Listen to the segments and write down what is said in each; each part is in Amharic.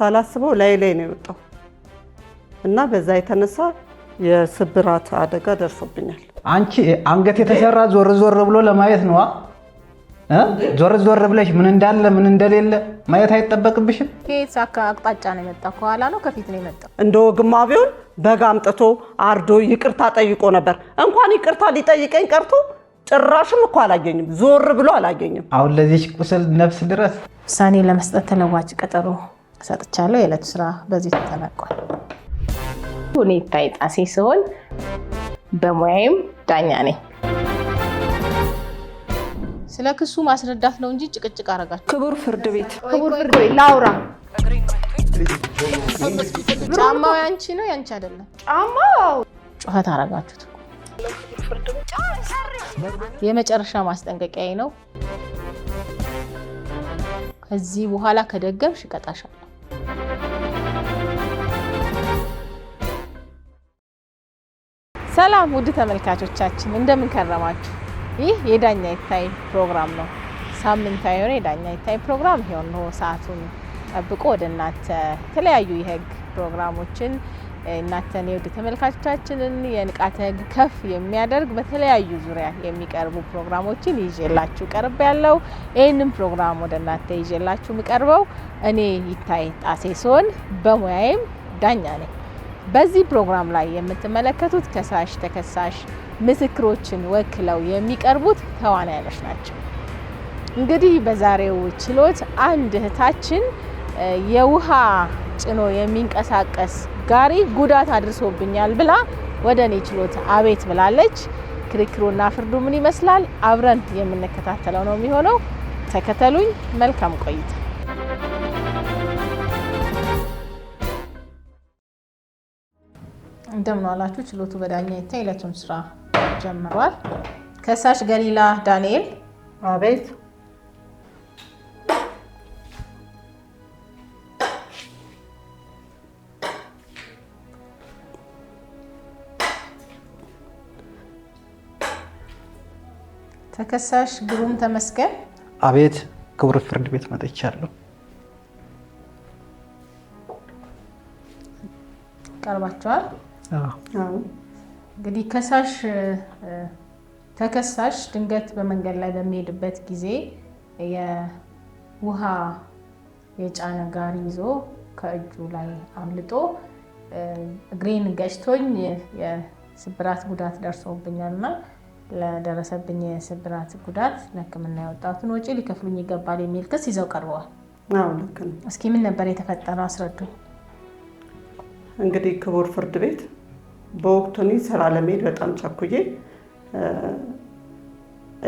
ሳላስበው ላይ ላይ ነው የወጣው እና በዛ የተነሳ የስብራት አደጋ ደርሶብኛል። አንቺ አንገት የተሰራ ዞር ዞር ብሎ ለማየት ነዋ። ዞር ዞር ብለሽ ምን እንዳለ ምን እንደሌለ ማየት አይጠበቅብሽም። አቅጣጫ ነው የመጣው፣ ከኋላ ነው ከፊት ነው የመጣው። እንደ ወግማ ቢሆን በጋ አምጥቶ አርዶ ይቅርታ ጠይቆ ነበር። እንኳን ይቅርታ ሊጠይቀኝ ቀርቶ ጭራሽም እኮ አላገኝም፣ ዞር ብሎ አላገኝም። አሁን ለዚች ቁስል ነፍስ ድረስ ውሳኔ ለመስጠት ተለዋጭ ቀጠሮ ሰጥቻለሁ። የዕለቱ ስራ በዚህ ተጠናቋል። እኔ ይታይ ጣሴ ሲሆን በሙያዬም ዳኛ ነኝ። ስለ ክሱ ማስረዳት ነው እንጂ ጭቅጭቅ አረጋችሁ። ክቡር ፍርድ ቤት፣ ክቡር ፍርድ ቤት ላውራ። ጫማው ያንቺ ነው ያንቺ አይደለም። ጫማው ጩኸት አረጋችሁት። የመጨረሻ ማስጠንቀቂያ ነው። ከዚህ በኋላ ከደገምሽ እቀጣሻለሁ። ሰላም ውድ ተመልካቾቻችን እንደምን ከረማችሁ? ይህ የዳኛ ይታይ ፕሮግራም ነው። ሳምንታዊ የሆነ የዳኛ ይታይ ፕሮግራም ይሄው ነው። ሰዓቱን ጠብቆ ወደ እናንተ የተለያዩ የህግ ፕሮግራሞችን እናተን የውድ ተመልካቾቻችንን የንቃተ ህግ ከፍ የሚያደርግ በተለያዩ ዙሪያ የሚቀርቡ ፕሮግራሞችን ይዤላችሁ ቀርብ ያለው ይህንም ፕሮግራም ወደ እናተ ይዤላችሁ የሚቀርበው እኔ ይታይ ጣሴ ሲሆን በሙያዬም ዳኛ ነኝ። በዚህ ፕሮግራም ላይ የምትመለከቱት ከሳሽ፣ ተከሳሽ፣ ምስክሮችን ወክለው የሚቀርቡት ተዋናዮች ናቸው። እንግዲህ በዛሬው ችሎት አንድ እህታችን የውሃ ጭኖ የሚንቀሳቀስ ጋሪ ጉዳት አድርሶብኛል ብላ ወደ እኔ ችሎት አቤት ብላለች። ክርክሩና ፍርዱ ምን ይመስላል አብረን የምንከታተለው ነው የሚሆነው። ተከተሉኝ። መልካም ቆይታ። እንደምን አላችሁ? ችሎቱ በዳኛ ይታይ ዕለቱን ስራ ጀምሯል። ከሳሽ ገሊላ ዳንኤል አቤት ተከሳሽ ግሩም ተመስገን። አቤት ክቡር ፍርድ ቤት መጥቻለሁ። ቀርባቸዋል። እንግዲህ ከሳሽ ተከሳሽ ድንገት በመንገድ ላይ በሚሄድበት ጊዜ የውሃ የጫነ ጋሪ ይዞ ከእጁ ላይ አምልጦ እግሬን ገጭቶኝ የስብራት ጉዳት ደርሶብኛል እና ለደረሰብኝ የስብራት ጉዳት ለሕክምና የወጣትን ወጪ ሊከፍሉኝ ይገባል የሚል ክስ ይዘው ቀርበዋል። አዎ ልክ ነው። እስኪ ምን ነበር የተፈጠረው አስረዱ። እንግዲህ ክቡር ፍርድ ቤት በወቅቱ እኔ ስራ ለመሄድ በጣም ቸኩዬ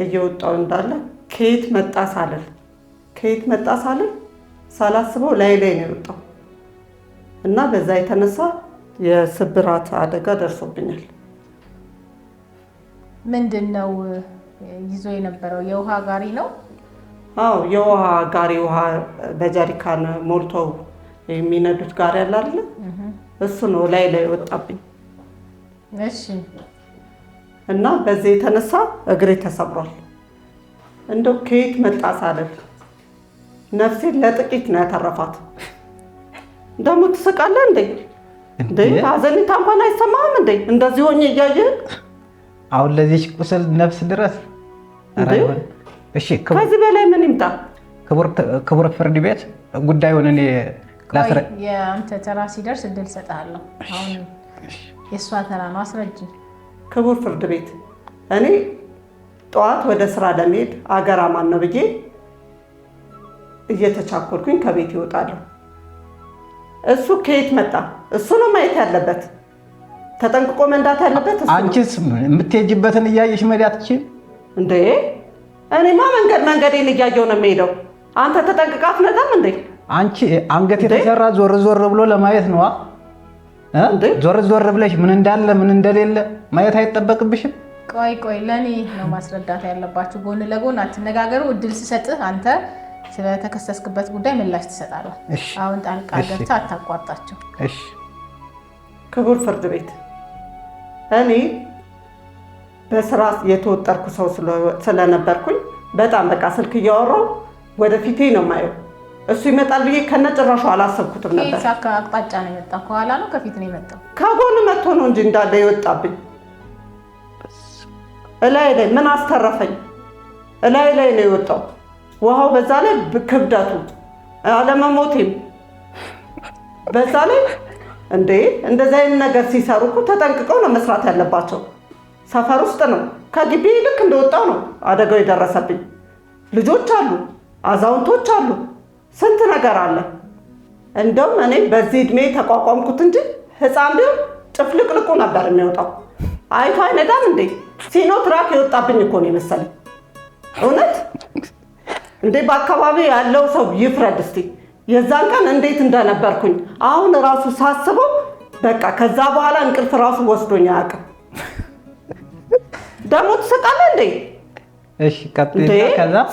እየወጣው እንዳለ ከየት መጣ ሳልል ከየት መጣ ሳልል ሳላስበው ላይ ላይ ነው የወጣው እና በዛ የተነሳ የስብራት አደጋ ደርሶብኛል። ምንድን ነው ይዞ የነበረው? የውሃ ጋሪ ነው። አዎ የውሃ ጋሪ፣ ውሃ በጀሪካን ሞልቶ የሚነዱት ጋሪ አለ እሱ ነው ላይ ላይ ወጣብኝ። እሺ። እና በዚህ የተነሳ እግሬ ተሰብሯል። እንደው ከየት መጣ ሳልል ነፍሴን ለጥቂት ነው ያተረፋት። ደግሞ ትስቃለህ እንዴ? እንዴ ሀዘኔታ እንኳን አይሰማህም እንዴ? እንደዚህ ሆኜ እያየህ አሁን ለዚች ቁስል ነፍስ ድረስ እሺ፣ ከዚህ በላይ ምን ይምጣ? ክቡር ፍርድ ቤት ጉዳዩን እኔ የአንተ ተራ ሲደርስ እድል እሰጥሃለሁ። አሁን የእሷ ተራ ነው። አስረጅ። ክቡር ፍርድ ቤት እኔ ጠዋት ወደ ስራ ለመሄድ አገር አማን ነው ብዬ እየተቻኮልኩኝ ከቤት ይወጣለሁ። እሱ ከየት መጣ? እሱ ነው ማየት ያለበት። ተጠንቅቆ መንዳት አለበት። አንቺስ የምትሄጂበትን እያየሽ መዳት ትችል እንዴ? እኔማ መንገድ መንገዴን እያየሁ ነው የሚሄደው። አንተ ተጠንቅቃት ነዳም እንዴ? አንቺ አንገት የተሰራ ዞር ዞር ብሎ ለማየት ነዋ። ዞር ዞር ብለሽ ምን እንዳለ ምን እንደሌለ ማየት አይጠበቅብሽም። ቆይ ቆይ፣ ለእኔ ነው ማስረዳት ያለባችሁ። ጎን ለጎን አትነጋገሩ። እድል ስሰጥህ አንተ ስለተከሰስክበት ጉዳይ ምላሽ ትሰጣለህ። አሁን ጣልቃ ገብተህ አታቋርጣቸው። ክቡር ፍርድ ቤት እኔ በስራ የተወጠርኩ ሰው ስለነበርኩኝ በጣም በቃ ስልክ እያወራው ወደፊቴ ነው ማየው። እሱ ይመጣል ብዬ ከነ ጭራሹ አላሰብኩትም ነበር። አቅጣጫ ነው የመጣ ከኋላ ነው ከፊት ነው የመጣው? ከጎን መጥቶ ነው እንጂ እንዳለ የወጣብኝ እላይ ላይ ምን አስተረፈኝ? እላይ ላይ ነው የወጣው ውሃው፣ በዛ ላይ ክብደቱ አለመሞቴም በዛ ላይ እንዴ እንደዚህ አይነት ነገር ሲሰሩ እኮ ተጠንቅቀው ነው መስራት ያለባቸው። ሰፈር ውስጥ ነው፣ ከግቢ ልክ እንደወጣው ነው አደጋው የደረሰብኝ። ልጆች አሉ፣ አዛውንቶች አሉ፣ ስንት ነገር አለ። እንደውም እኔ በዚህ እድሜ ተቋቋምኩት እንጂ ህፃን ቢሆን ጭፍልቅልቁ ነበር የሚወጣው። አይቶ አይነዳም እንዴ! ሲኖ ትራክ የወጣብኝ እኮ ነው የመሰለኝ። እውነት እንዴ! በአካባቢው ያለው ሰው ይፍረድ እስቲ። የዛን ቀን እንዴት እንደነበርኩኝ አሁን ራሱ ሳስበው በቃ ከዛ በኋላ እንቅልፍ ራሱ ወስዶኝ አያውቅም። ደግሞ ትስቃለህ እንዴ?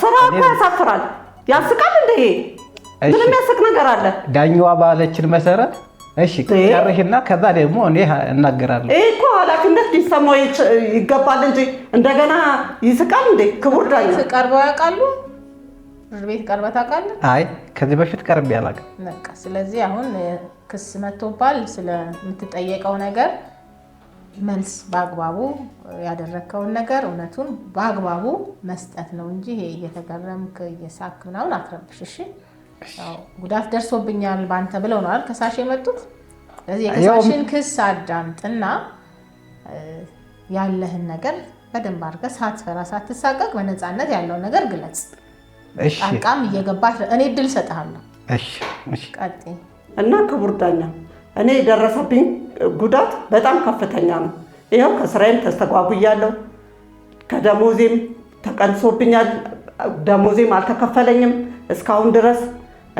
ስራ እኮ ያሳፍራል። ያስቃል እንዴ? ምንም ያስቅ ነገር አለ? ዳኛዋ ባለችን መሰረት እሺ ጨርሽና ከዛ ደግሞ እኔ እናገራለሁ። እኮ ኃላፊነት ሊሰማው ይገባል እንጂ እንደገና ይስቃል እንዴ? ክቡር ዳኛ ቀርበው ያውቃሉ? ቤት ቀርበህ ታውቃለህ? አይ ከዚህ በፊት ቀርቤ አላውቅም። በቃ ስለዚህ አሁን ክስ መጥቶባል። ስለምትጠየቀው ነገር መልስ በአግባቡ ያደረግከውን ነገር እውነቱን በአግባቡ መስጠት ነው እንጂ ይሄ እየተገረምክ እየሳክ ምናምን አትረብሽ። እሺ ጉዳት ደርሶብኛል በአንተ ብለው ነው አይደል ከሳሽ የመጡት። ስለዚህ የከሳሽን ክስ አዳምጥና ያለህን ነገር በደንብ አድርገህ ሳትፈራ ሳትሳቀቅ በነፃነት ያለውን ነገር ግለጽ። ቃም እየገባች እኔ እድል እሰጥሃለሁ እና ክቡር ዳኛ፣ እኔ የደረሰብኝ ጉዳት በጣም ከፍተኛ ነው። ይኸው ከስራዬም ተስተጓጉያለሁ፣ ከደሞዜም ተቀንሶብኛል፣ ደሞዜም አልተከፈለኝም እስካሁን ድረስ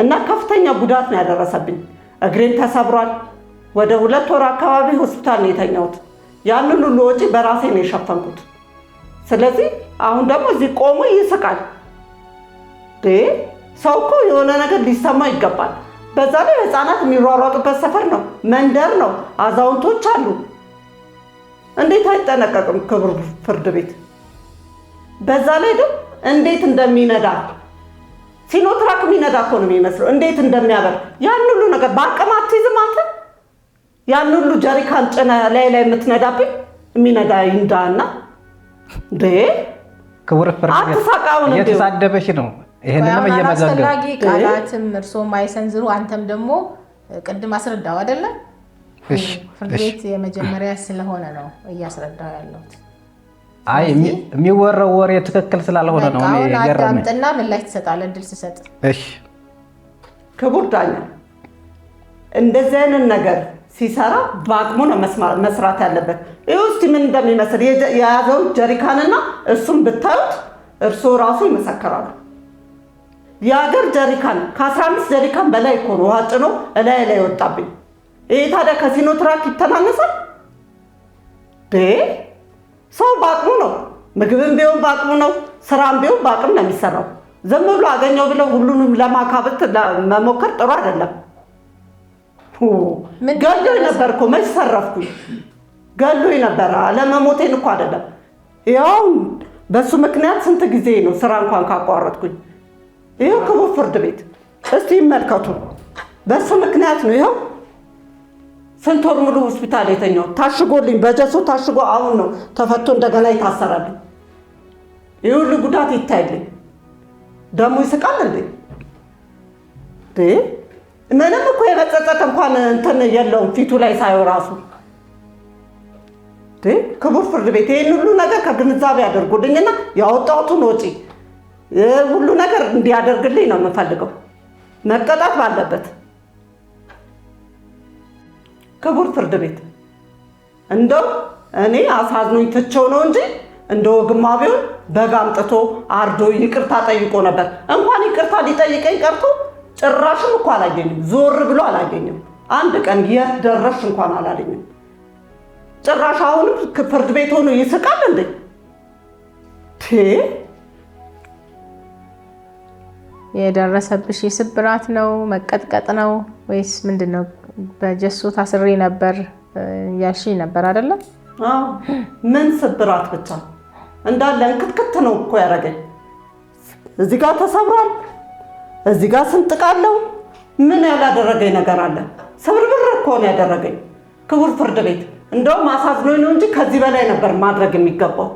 እና ከፍተኛ ጉዳት ነው ያደረሰብኝ። እግሬም ተሰብሯል። ወደ ሁለት ወር አካባቢ ሆስፒታል ነው የተኛሁት። ያንን ሁሉ ወጪ በራሴ ነው የሸፈንኩት። ስለዚህ አሁን ደግሞ እዚህ ቆሞ ይስቃል። ሰው እኮ የሆነ ነገር ሊሰማ ይገባል። በዛ ላይ ህፃናት የሚሯሯጡበት ሰፈር ነው፣ መንደር ነው፣ አዛውንቶች አሉ። እንዴት አይጠነቀቅም ክብር ፍርድ ቤት? በዛ ላይ ደግሞ እንዴት እንደሚነዳ ሲኖትራክ የሚነዳ እኮ ነው የሚመስለው። እንዴት እንደሚያበር ያን ሁሉ ነገር በአቅም አትይዝም አንተ። ያን ሁሉ ጀሪካን ጭነህ ላይ ላይ የምትነዳብኝ የሚነዳ ይንዳና። እንዴ ክቡር ፍርድ ቤት አትሳቃውን እየተሳደበች ነው ይሄንንም እየመዘገብ ቃላትም እርስዎም አንተም ደግሞ ቅድም አስረዳው አይደለም ፍርድ ቤት የመጀመሪያ ስለሆነ ነው እያስረዳው ያለሁት። አይ የሚወራው ወሬ ትክክል ስላልሆነ ነው ምላሽ ትሰጣለህ እድል ስሰጥ። ክቡር ዳኛ እንደዚህ አይነት ነገር ሲሰራ በአቅሙ ነው መስራት ያለበት። ይህ ውስጥ ምን እንደሚመስል የያዘውን ጀሪካንና እሱም ብታዩት እርስዎ ራሱ ይመሰከራሉ። የሀገር ጀሪካን ከ15 ጀሪካን በላይ እኮ ነው ውሃ ጭኖ እላይ ላይ ወጣብኝ። ይሄ ታዲያ ከሲኖ ትራክ ይተናነሳል? ሰው በአቅሙ ነው፣ ምግብም ቢሆን በአቅሙ ነው፣ ስራም ቢሆን በአቅም ነው የሚሰራው። ዝም ብሎ አገኘው ብለው ሁሉንም ለማካበት መሞከር ጥሩ አይደለም። ገሎ ነበር እኮ መች ሰረፍኩኝ፣ ገሎ ነበረ። አለመሞቴን እኮ አይደለም። ያው በሱ ምክንያት ስንት ጊዜ ነው ስራ እንኳን ካቋረጥኩኝ ይኸው ክቡር ፍርድ ቤት እስቲ ይመልከቱ። በእሱ ምክንያት ነው ይኸው ስንት ወር ሙሉ ሆስፒታል የተኛው ታሽጎልኝ፣ በጀሶ ታሽጎ አሁን ነው ተፈቶ እንደገና ይታሰራልኝ። ይህ ሁሉ ጉዳት ይታይልኝ፣ ደሙ ይስቃል እንዴ? ምንም እኮ የመጸጸት እንኳን እንትን የለውም ፊቱ ላይ ሳየው ራሱ። ክቡር ፍርድ ቤት ይህን ሁሉ ነገር ከግንዛቤ ያደርጉልኝና ያወጣሁትን ወጪ ሁሉ ነገር እንዲያደርግልኝ ነው የምፈልገው። መቀጣት ባለበት ክቡር ፍርድ ቤት እንደው እኔ አሳዝኖኝ ትቼው ነው እንጂ እንደ ወግማ ቢሆን በግ አምጥቶ አርዶ ይቅርታ ጠይቆ ነበር። እንኳን ይቅርታ ሊጠይቀኝ ቀርቶ ጭራሽም እኮ አላገኝም፣ ዞር ብሎ አላገኝም። አንድ ቀን የት ደረስሽ እንኳን አላለኝም። ጭራሽ አሁንም ፍርድ ቤት ሆኖ ይስቃል እንዴ? የደረሰብሽ የስብራት ነው መቀጥቀጥ ነው ወይስ ምንድን ነው? በጀሶ ታስሬ ነበር ያልሽ ነበር አይደለም? ምን ስብራት ብቻ እንዳለ እንክትክት ነው እኮ ያደረገኝ። እዚህ ጋር ተሰብሯል፣ እዚህ ጋር ስንጥቃለው? ምን ያላደረገኝ ነገር አለ? ስብርብር እኮ ነው ያደረገኝ። ክቡር ፍርድ ቤት እንደውም አሳዝኖኝ ነው እንጂ ከዚህ በላይ ነበር ማድረግ የሚገባው።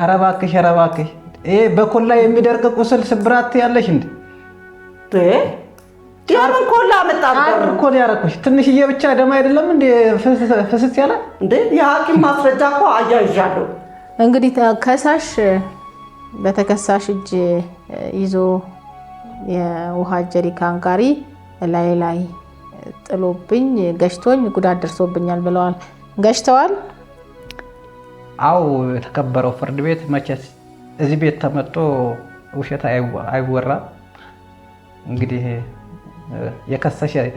ኧረ እባክሽ ኧረ እባክሽ ይሄ በኮላ የሚደርቅ ቁስል ስብራት ያለሽ እንዴ? ለምን ኮላ መጣጣ? አር ያረኩሽ ትንሽዬ ብቻ ደም አይደለም እንዴ ፍስስ ያለ እንዴ? የሐኪም ማስረጃ እኮ አያይዣለሁ። እንግዲህ ከሳሽ በተከሳሽ እጅ ይዞ የውሃ ጀሪካን ጋሪ ላይ ላይ ጥሎብኝ ገሽቶኝ ጉዳት ደርሶብኛል ብለዋል። ገሽተዋል? አው የተከበረው ፍርድ ቤት መቼስ እዚህ ቤት ተመጦ ውሸት አይወራም። እንግዲህ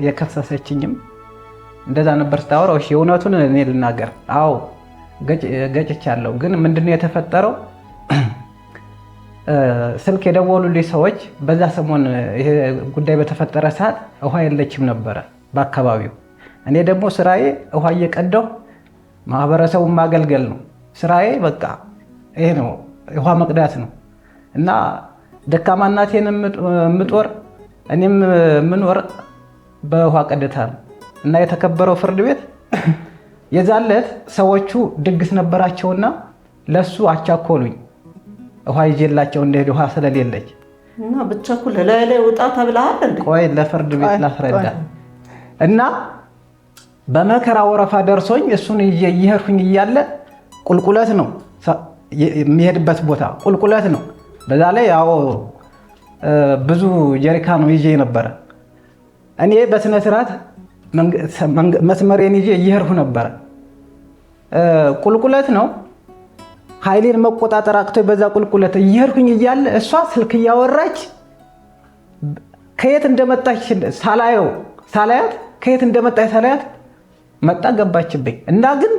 የከሰሰችኝም እንደዛ ነበር ስታወራው። እሺ እውነቱን እኔ ልናገር። አዎ ገጭቻለሁ። ግን ምንድነው የተፈጠረው? ስልክ የደወሉልኝ ሰዎች በዛ ሰሞን ይሄ ጉዳይ በተፈጠረ ሰዓት ውሃ የለችም ነበረ በአካባቢው። እኔ ደግሞ ስራዬ ውሃ እየቀዳሁ ማህበረሰቡን ማገልገል ነው ስራዬ። በቃ ይሄ ነው ውሃ መቅዳት ነው እና ደካማ እናቴን የምጦር እኔም የምኖር በውሃ ቀድታ ነው እና የተከበረው ፍርድ ቤት የዛለት ሰዎቹ ድግስ ነበራቸውና ለሱ አቻኮሉኝ። ውሃ ይዤላቸው እንደሄድ ውሃ ስለሌለች እና ብቻኩል ላይ ላይ ውጣ ተብለሃል። ቆይ ለፍርድ ቤት ላስረዳ እና በመከራ ወረፋ ደርሶኝ እሱን እየሄድኩኝ እያለ ቁልቁለት ነው የሚሄድበት ቦታ ቁልቁለት ነው። በዛ ላይ ያው ብዙ ጀሪካን ይዤ ነበረ። እኔ በስነ ስርዓት መስመሬን ይዤ እየሄድኩ ነበረ። ቁልቁለት ነው። ኃይሌን መቆጣጠር አቅቶ በዛ ቁልቁለት እየሄድኩኝ እያለ እሷ ስልክ እያወራች ከየት እንደመጣች ሳላየው ሳላያት ከየት እንደመጣች ሳላያት መጣ ገባችብኝ እና ግን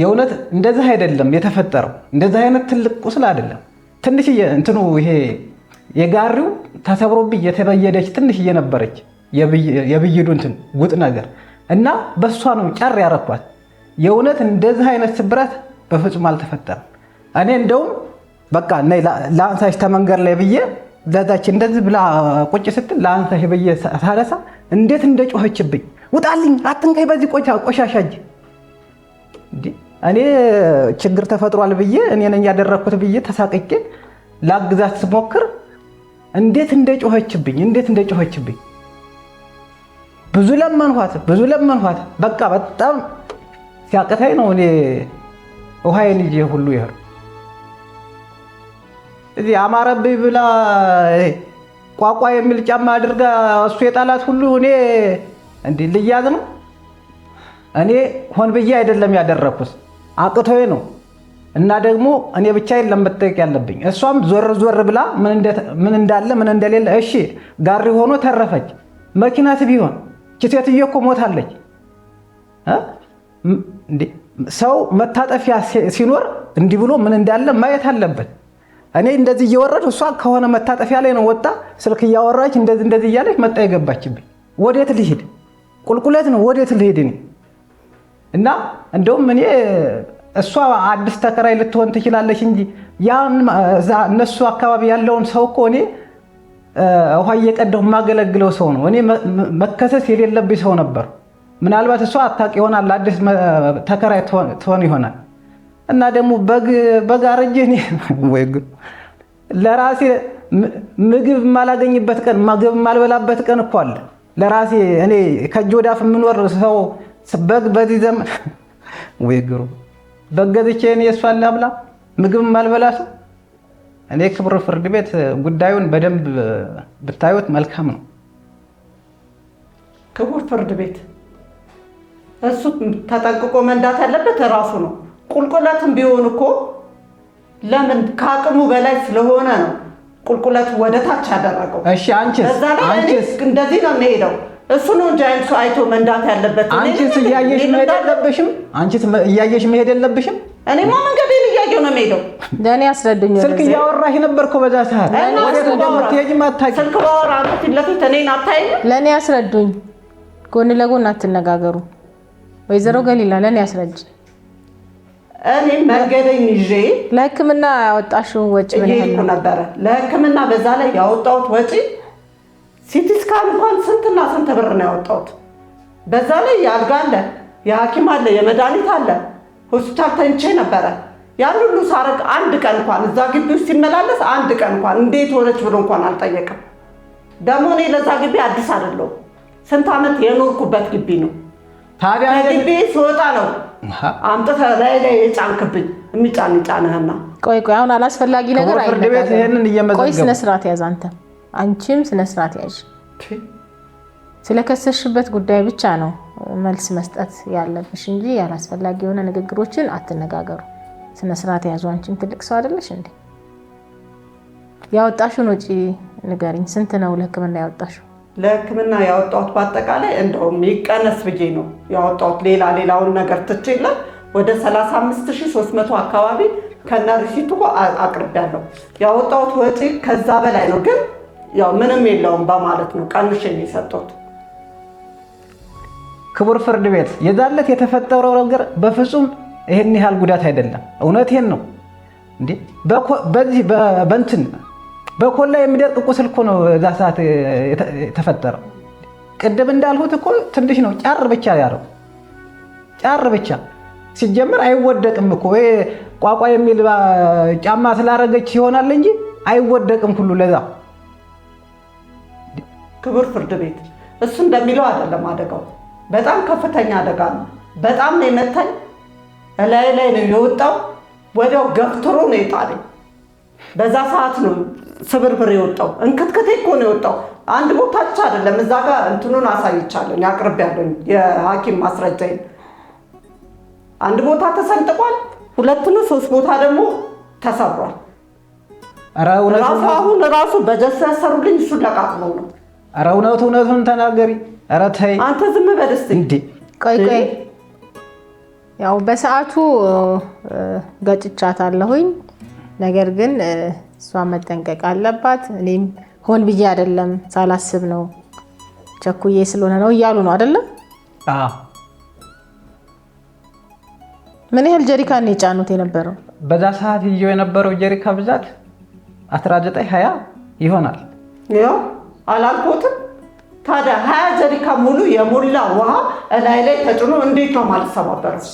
የእውነት እንደዚህ አይደለም የተፈጠረው። እንደዚህ አይነት ትልቅ ቁስል አይደለም። ትንሽዬ እንትኑ ይሄ የጋሪው ተሰብሮብኝ የተበየደች ትንሽዬ ነበረች የብይዱ እንትን ጉጥ ነገር እና በእሷ ነው ጨር ያረኳት። የእውነት እንደዚህ አይነት ስብራት በፍጹም አልተፈጠረም። እኔ እንደውም በቃ ለአንሳሽ ተመንገድ ላይ ብዬ ለዛች እንደዚህ ብላ ቁጭ ስትል ለአንሳሽ ብዬ ሳለሳ እንዴት እንደጮኸችብኝ ውጣልኝ፣ አትንካኝ በዚህ ቆሻሻ እጅ እኔ ችግር ተፈጥሯል ብዬ እኔ ነኝ ያደረግኩት ብዬ ተሳቅቄ ላግዛት ስሞክር እንዴት እንደጮኸችብኝ እንዴት እንደጮኸችብኝ ብዙ ለመንኋት ብዙ ለመንኋት። በቃ በጣም ሲያቅተኝ ነው እኔ ውሃዬን ይዤ ሁሉ ይሄዱ እዚህ አማረብኝ ብላ ቋቋ የሚል ጫማ አድርጋ እሱ የጣላት ሁሉ እኔ እንዲህ ልያዝ ነው እኔ ሆን ብዬ አይደለም ያደረኩት፣ አቅቶዬ ነው። እና ደግሞ እኔ ብቻዬን ለመጠየቅ ያለብኝ። እሷም ዞር ዞር ብላ ምን እንዳለ ምን እንደሌለ እሺ፣ ጋሪ ሆኖ ተረፈች። መኪናት ቢሆን ችሴትዮ እኮ ሞታለች። ሰው መታጠፊያ ሲኖር እንዲህ ብሎ ምን እንዳለ ማየት አለበት። እኔ እንደዚህ እየወረድ እሷ ከሆነ መታጠፊያ ላይ ነው ወጣ ስልክ እያወራች እንደዚህ እንደዚህ እያለች መጣ የገባችብኝ። ወዴት ልሂድ? ቁልቁለት ነው። ወዴት ልሂድ እኔ እና እንደውም እኔ እሷ አዲስ ተከራይ ልትሆን ትችላለች እንጂ እነሱ አካባቢ ያለውን ሰው እኮ እኔ ውሃ እየቀደሁ የማገለግለው ሰው ነው። እኔ መከሰስ የሌለብኝ ሰው ነበር። ምናልባት እሷ አታውቅ ይሆናል፣ አዲስ ተከራይ ትሆን ይሆናል። እና ደግሞ በግ አረጀ ለራሴ ምግብ የማላገኝበት ቀን ምግብ የማልበላበት ቀን እኮ አለ። ለራሴ እኔ ከእጅ ወዳፍ የምኖር ሰው ስበግ በዚህ ዘመን ወይ በገዝቼን በገዝቼ እኔ እሷን ላብላ ምግብ አልበላ ሰው። እኔ ክብር ፍርድ ቤት ጉዳዩን በደንብ ብታዩት መልካም ነው። ክቡር ፍርድ ቤት እሱ ተጠንቅቆ መንዳት ያለበት እራሱ ነው። ቁልቁለትም ቢሆን እኮ ለምን ከአቅሙ በላይ ስለሆነ ነው ቁልቁለት ወደ ታች ያደረገው። እሺ አንቺስ እንደዚህ ነው የሚሄደው እሱ ነው ጃይንቱ አይቶ መንዳት ያለበት። አንቺስ እያየሽ መሄድ የለብሽም። አንቺስ እያየሽ መሄድ የለብሽም። እኔማ መንገዴን እያየሁ ነው የምሄደው። ለእኔ አስረድኝ። ስልክ እያወራሽ ነበር እኮ በዛ ሰዓት። ስልክ ባወራ ፊት ለፊት እኔን አታየኝም። ለእኔ አስረዱኝ። ጎን ለጎን አትነጋገሩ። ወይዘሮ ገሊላ ለእኔ አስረጅ። እኔ መንገዴን ይዤ ለሕክምና ያወጣሽውን ወጪ ምን ነበረ ለሕክምና በዛ ላይ ያወጣሁት ወጪ ሲቲ ስካን እንኳን ስንትና ስንት ብር ነው ያወጣሁት። በዛ ላይ የአልጋ አለ፣ የሐኪም አለ፣ የመድኃኒት አለ። ሆስፒታል ተኝቼ ነበረ። ያን ሁሉ ሳረግ አንድ ቀን እንኳን እዛ ግቢ ውስጥ ሲመላለስ አንድ ቀን እንኳን እንዴት ሆነች ብሎ እንኳን አልጠየቅም። ደግሞ እኔ ለዛ ግቢ አዲስ አይደለሁም። ስንት ዓመት የኖርኩበት ግቢ ነው። ታዲያ ግቢ ስወጣ ነው አምጥተ ላይ ላይ የጫንክብኝ የሚጫን ይጫንህና። ቆይ ቆይ፣ አሁን አላስፈላጊ ነገር አይደለም። ፍርድ ቤት ይህንን እየመዘገቡ ቆይ፣ ስነ ስርዓት ያዝ አንቺም ስነ ስርዓት ያዥ። ስለከሰሽበት ጉዳይ ብቻ ነው መልስ መስጠት ያለብሽ እንጂ ያላስፈላጊ የሆነ ንግግሮችን አትነጋገሩ። ስነ ስርዓት ያዙ። አንቺም ትልቅ ሰው አይደለሽ እንዴ? ያወጣሽውን ወጪ ንገሪኝ። ስንት ነው ለህክምና ያወጣሽው? ለህክምና ያወጣሁት በአጠቃላይ እንደውም ይቀነስ ብዬ ነው ያወጣሁት። ሌላ ሌላውን ነገር ትችለ ወደ 35300 አካባቢ ከነ ሪሲቱ አቅርቤያለሁ። ያወጣሁት ወጪ ከዛ በላይ ነው ግን ያው ምንም የለውም በማለት ነው ቀንሽ የሚሰጡት። ክቡር ፍርድ ቤት የዛለት የተፈጠረው ነገር በፍጹም ይሄን ያህል ጉዳት አይደለም። እውነቴን ነው እንዴ በዚህ በእንትን በኮላ የሚደርቅ ቁስል እኮ ነው እዛ ሰዓት የተፈጠረው። ቅድም እንዳልሁት እኮ ትንሽ ነው ጫር ብቻ ያረው ጫር ብቻ ሲጀመር አይወደቅም እኮ ቋቋ የሚል ጫማ ስላረገች ይሆናል እንጂ አይወደቅም ሁሉ ለዛ ክቡር ፍርድ ቤት እሱ እንደሚለው አይደለም አደጋው። በጣም ከፍተኛ አደጋ ነው። በጣም ነው የመታኝ። እላይ ላይ ነው የወጣው። ወዲያው ገፍትሮ ነው የጣለኝ። በዛ ሰዓት ነው ስብርብር የወጣው። እንክትክቴ እኮ ነው የወጣው። አንድ ቦታች አይደለም። እዛ ጋር እንትኑን አሳይቻለሁ ያቅርብ ያለኝ የሐኪም ማስረጃዬን አንድ ቦታ ተሰንጥቋል። ሁለት ሶስት ቦታ ደግሞ ተሰብሯል። ራሱ አሁን ራሱ በጀስ ያሰሩልኝ እሱን ለቃቅመው ነው ኧረ እውነቱ እውነቱን ተናገሪ። ኧረ ተይ አንተ ዝም በል እስኪ። እንደ ቆይ ቆይ ያው በሰዓቱ ገጭቻታለሁኝ። ነገር ግን እሷ መጠንቀቅ አለባት። እኔም ሆን ብዬ አይደለም ሳላስብ ነው ቸኩዬ ስለሆነ ነው እያሉ ነው አይደለም? ምን ያህል ጀሪካን ነው የጫኑት የነበረው? በዛ ሰዓት ይዤው የነበረው ጀሪካ ብዛት 19 20 ይሆናል። አላልኩትም? ታዲያ ሀያ ጀሪካ ሙሉ የሞላ ውሃ እላይ ላይ ተጭኖ እንዴት ነው ማልሰባበረው?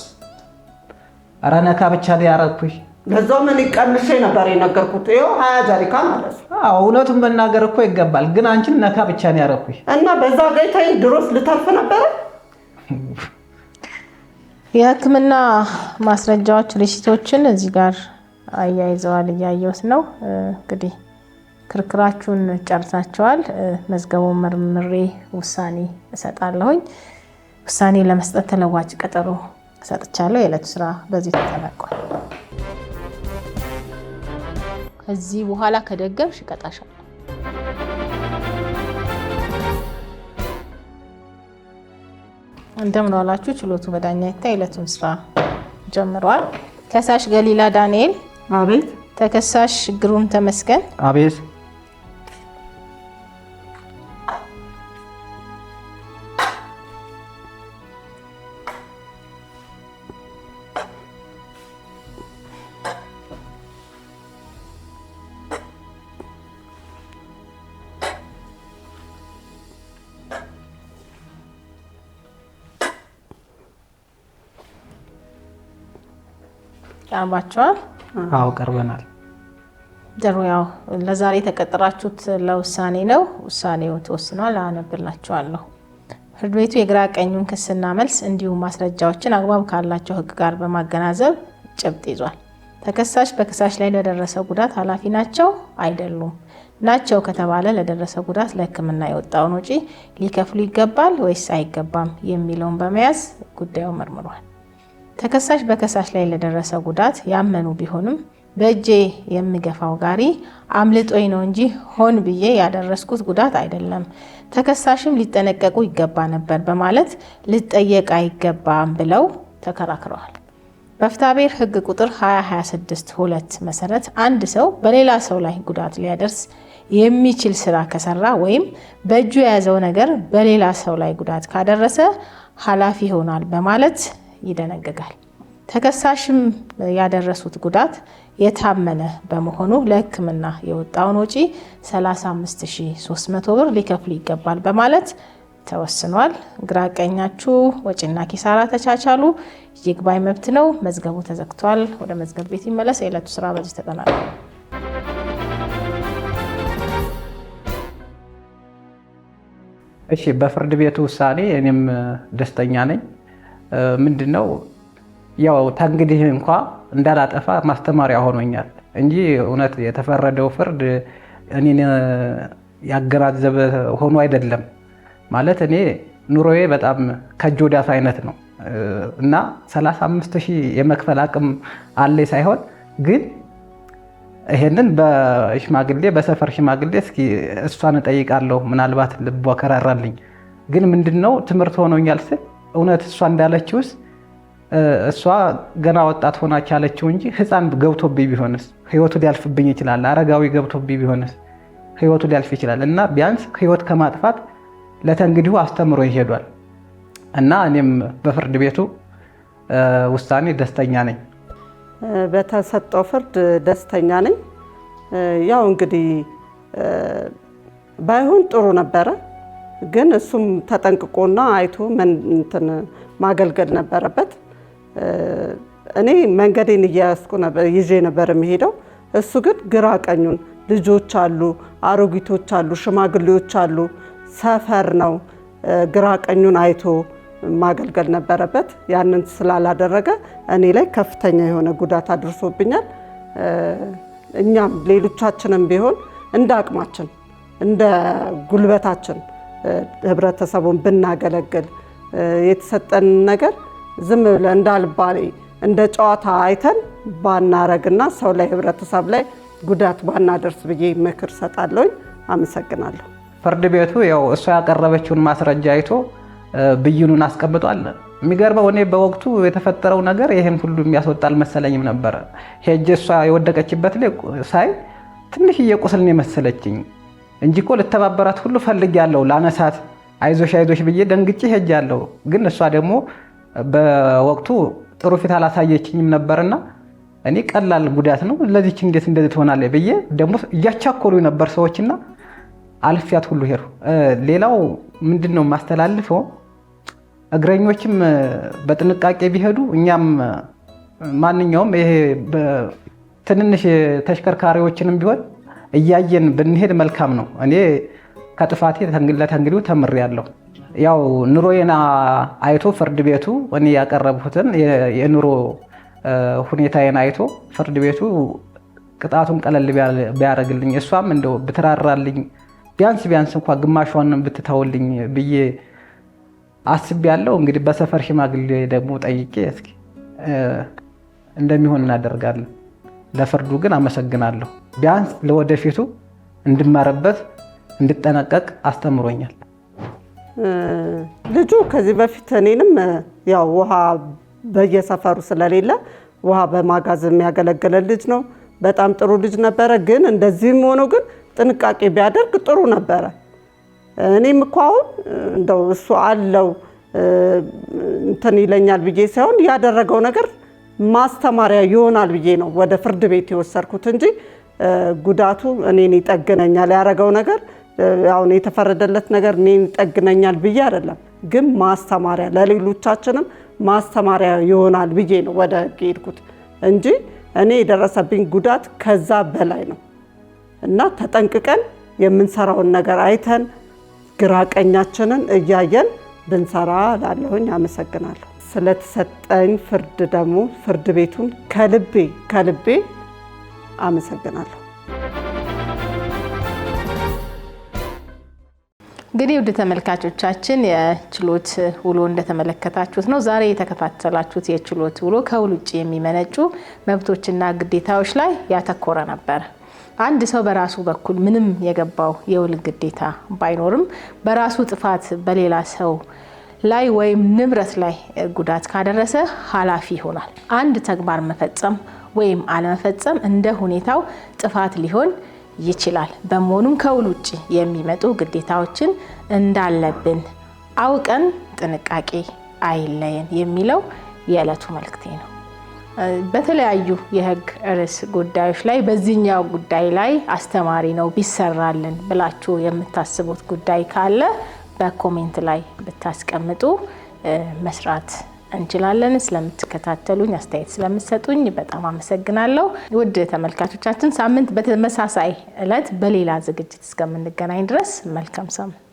ኧረ ነካ ብቻ ላይ ያረኩኝ ለዛው ምን ይቀንሼ ነበር የነገርኩት። ይኸው ሀያ ጀሪካ ማለት ነው። እውነቱን መናገር እኮ ይገባል፣ ግን አንቺን ነካ ብቻ ነው ያረኩኝ እና በዛ ጋይታዬ ድሮስ ልተርፍ ነበረ። የሕክምና ማስረጃዎች ሪሲቶችን እዚህ ጋር አያይዘዋል፣ እያየሁት ነው እንግዲህ ክርክራችሁን ጨርሳችኋል። መዝገቡን መርምሬ ውሳኔ እሰጣለሁኝ። ውሳኔ ለመስጠት ተለዋጭ ቀጠሮ ሰጥቻለሁ። የዕለቱ ስራ በዚህ ተጠናቋል። ከዚህ በኋላ ከደገምሽ እቀጣሻለሁ። እንደምን ዋላችሁ። ችሎቱ በዳኛ ይታይ የዕለቱን ስራ ጀምሯል። ከሳሽ ገሊላ ዳንኤል፣ አቤት። ተከሳሽ ግሩም ተመስገን፣ አቤት ቀርባቸዋል? አዎ ቀርበናል። ጀሩ ያው ለዛሬ የተቀጠራችሁት ለውሳኔ ነው። ውሳኔው ተወስኗል፣ አነብላችኋለሁ። ፍርድ ቤቱ የግራ ቀኙን ክስና መልስ እንዲሁም ማስረጃዎችን አግባብ ካላቸው ሕግ ጋር በማገናዘብ ጭብጥ ይዟል። ተከሳሽ በከሳሽ ላይ ለደረሰ ጉዳት ኃላፊ ናቸው አይደሉም? ናቸው ከተባለ ለደረሰ ጉዳት ለሕክምና የወጣውን ወጪ ሊከፍሉ ይገባል ወይስ አይገባም የሚለውን በመያዝ ጉዳዩ መርምሯል። ተከሳሽ በከሳሽ ላይ ለደረሰ ጉዳት ያመኑ ቢሆንም በእጄ የምገፋው ጋሪ አምልጦኝ ነው እንጂ ሆን ብዬ ያደረስኩት ጉዳት አይደለም፣ ተከሳሽም ሊጠነቀቁ ይገባ ነበር በማለት ልጠየቅ አይገባም ብለው ተከራክረዋል። በፍትሐብሔር ሕግ ቁጥር 2262 ሁለት መሰረት አንድ ሰው በሌላ ሰው ላይ ጉዳት ሊያደርስ የሚችል ስራ ከሰራ ወይም በእጁ የያዘው ነገር በሌላ ሰው ላይ ጉዳት ካደረሰ ኃላፊ ይሆናል በማለት ይደነግጋል። ተከሳሽም ያደረሱት ጉዳት የታመነ በመሆኑ ለሕክምና የወጣውን ወጪ 35300 ብር ሊከፍሉ ይገባል በማለት ተወስኗል። ግራ ወጪና ኪሳራ ተቻቻሉ። ይግባኝ መብት ነው። መዝገቡ ተዘግቷል። ወደ መዝገብ ቤት ይመለስ። የዕለቱ ስራ በዚህ ተጠናቋል። እሺ፣ በፍርድ ቤቱ ውሳኔ እኔም ደስተኛ ነኝ። ምንድን ነው ያው ተንግዲህ እንኳ እንዳላጠፋ ማስተማሪያ ሆኖኛል እንጂ እውነት የተፈረደው ፍርድ እኔን ያገናዘበ ሆኖ አይደለም። ማለት እኔ ኑሮዬ በጣም ከእጅ ወደ አፍ አይነት ነው እና 35 ሺህ የመክፈል አቅም አለኝ ሳይሆን ግን ይሄንን በሽማግሌ በሰፈር ሽማግሌ እስኪ እሷን እጠይቃለሁ ምናልባት ልቧ ከራራልኝ። ግን ምንድን ነው ትምህርት ሆኖኛል ስል እውነት እሷ እንዳለችውስ እሷ ገና ወጣት ሆናች ያለችው እንጂ ህፃን ገብቶብኝ ቢሆንስ ህይወቱ ሊያልፍብኝ ይችላል። አረጋዊ ገብቶብኝ ቢሆንስ ህይወቱ ሊያልፍ ይችላል። እና ቢያንስ ህይወት ከማጥፋት ለተንግዲሁ አስተምሮ ይሄዷል። እና እኔም በፍርድ ቤቱ ውሳኔ ደስተኛ ነኝ። በተሰጠው ፍርድ ደስተኛ ነኝ። ያው እንግዲህ ባይሆን ጥሩ ነበረ ግን እሱም ተጠንቅቆና አይቶ እንትን ማገልገል ነበረበት። እኔ መንገዴን እያያዝኩ ይዤ ነበር የሚሄደው። እሱ ግን ግራ ቀኙን ልጆች አሉ፣ አሮጊቶች አሉ፣ ሽማግሌዎች አሉ፣ ሰፈር ነው። ግራ ቀኙን አይቶ ማገልገል ነበረበት። ያንን ስላላደረገ እኔ ላይ ከፍተኛ የሆነ ጉዳት አድርሶብኛል። እኛም ሌሎቻችንም ቢሆን እንደ አቅማችን እንደ ጉልበታችን ህብረተሰቡን ብናገለግል የተሰጠን ነገር ዝም ብለን እንዳልባሌ እንደ ጨዋታ አይተን ባናረግና ሰው ላይ ህብረተሰብ ላይ ጉዳት ባናደርስ ብዬ ምክር ሰጣለሁኝ። አመሰግናለሁ። ፍርድ ቤቱ ያው እሷ ያቀረበችውን ማስረጃ አይቶ ብይኑን አስቀምጧል። የሚገርመው እኔ በወቅቱ የተፈጠረው ነገር ይህን ሁሉ የሚያስወጣ አልመሰለኝም ነበረ። ሄጄ እሷ የወደቀችበት ላይ ሳይ ትንሽዬ ቁስል ነው የመሰለችኝ እንጂ እኮ ልተባበራት ሁሉ ፈልጊያለሁ ላነሳት አይዞሽ አይዞሽ ብዬ ደንግጬ ሄጃለሁ። ግን እሷ ደግሞ በወቅቱ ጥሩ ፊት አላሳየችኝም ነበርና እኔ ቀላል ጉዳት ነው ለዚች እንዴት እንደዚህ ትሆናለች ብዬ ደግሞ እያቻኮሉ ነበር ሰዎችና አልፊያት ሁሉ ሄዱ። ሌላው ምንድን ነው የማስተላልፈው፣ እግረኞችም በጥንቃቄ ቢሄዱ እኛም ማንኛውም ይሄ ትንንሽ ተሽከርካሪዎችንም ቢሆን እያየን ብንሄድ መልካም ነው። እኔ ከጥፋቴ ለተንግዲው ተምሬያለሁ። ያው ኑሮዬን አይቶ ፍርድ ቤቱ እኔ ያቀረብኩትን የኑሮ ሁኔታዬን አይቶ ፍርድ ቤቱ ቅጣቱን ቀለል ቢያደርግልኝ እሷም እንደው ብትራራልኝ ቢያንስ ቢያንስ እንኳ ግማሿን ብትተውልኝ ብዬ አስቤያለሁ። እንግዲህ በሰፈር ሽማግሌ ደግሞ ጠይቄ እስኪ እንደሚሆን እናደርጋለን። ለፍርዱ ግን አመሰግናለሁ። ቢያንስ ለወደፊቱ እንድመረበት እንድጠነቀቅ አስተምሮኛል። ልጁ ከዚህ በፊት እኔንም ያው ውሃ በየሰፈሩ ስለሌለ ውሃ በማጋዝ የሚያገለገለን ልጅ ነው። በጣም ጥሩ ልጅ ነበረ። ግን እንደዚህም ሆኖ ግን ጥንቃቄ ቢያደርግ ጥሩ ነበረ። እኔም እኮ አሁን እንደው እሱ አለው እንትን ይለኛል ብዬ ሳይሆን ያደረገው ነገር ማስተማሪያ ይሆናል ብዬ ነው ወደ ፍርድ ቤት የወሰድኩት እንጂ ጉዳቱ እኔን ይጠግነኛል ያደረገው ነገር አሁን የተፈረደለት ነገር እኔን ይጠግነኛል ብዬ አይደለም፣ ግን ማስተማሪያ ለሌሎቻችንም ማስተማሪያ ይሆናል ብዬ ነው ወደ ህግ የሄድኩት እንጂ እኔ የደረሰብኝ ጉዳት ከዛ በላይ ነው እና ተጠንቅቀን የምንሰራውን ነገር አይተን ግራቀኛችንን እያየን ብንሰራ ላለሁኝ አመሰግናለሁ። ስለተሰጠኝ ፍርድ ደግሞ ፍርድ ቤቱን ከልቤ ከልቤ አመሰግናለሁ። እንግዲህ ውድ ተመልካቾቻችን የችሎት ውሎ እንደተመለከታችሁት ነው። ዛሬ የተከታተላችሁት የችሎት ውሎ ከውል ውጭ የሚመነጩ መብቶችና ግዴታዎች ላይ ያተኮረ ነበር። አንድ ሰው በራሱ በኩል ምንም የገባው የውል ግዴታ ባይኖርም በራሱ ጥፋት በሌላ ሰው ላይ ወይም ንብረት ላይ ጉዳት ካደረሰ ኃላፊ ይሆናል። አንድ ተግባር መፈጸም ወይም አለመፈጸም እንደ ሁኔታው ጥፋት ሊሆን ይችላል። በመሆኑም ከውል ውጭ የሚመጡ ግዴታዎችን እንዳለብን አውቀን ጥንቃቄ አይለየን የሚለው የዕለቱ መልእክቴ ነው። በተለያዩ የህግ ርዕስ ጉዳዮች ላይ በዚህኛው ጉዳይ ላይ አስተማሪ ነው ቢሰራልን ብላችሁ የምታስቡት ጉዳይ ካለ በኮሜንት ላይ ብታስቀምጡ መስራት እንችላለን። ስለምትከታተሉኝ፣ አስተያየት ስለምትሰጡኝ በጣም አመሰግናለሁ። ውድ ተመልካቾቻችን፣ ሳምንት በተመሳሳይ እለት በሌላ ዝግጅት እስከምንገናኝ ድረስ መልካም ሳምንት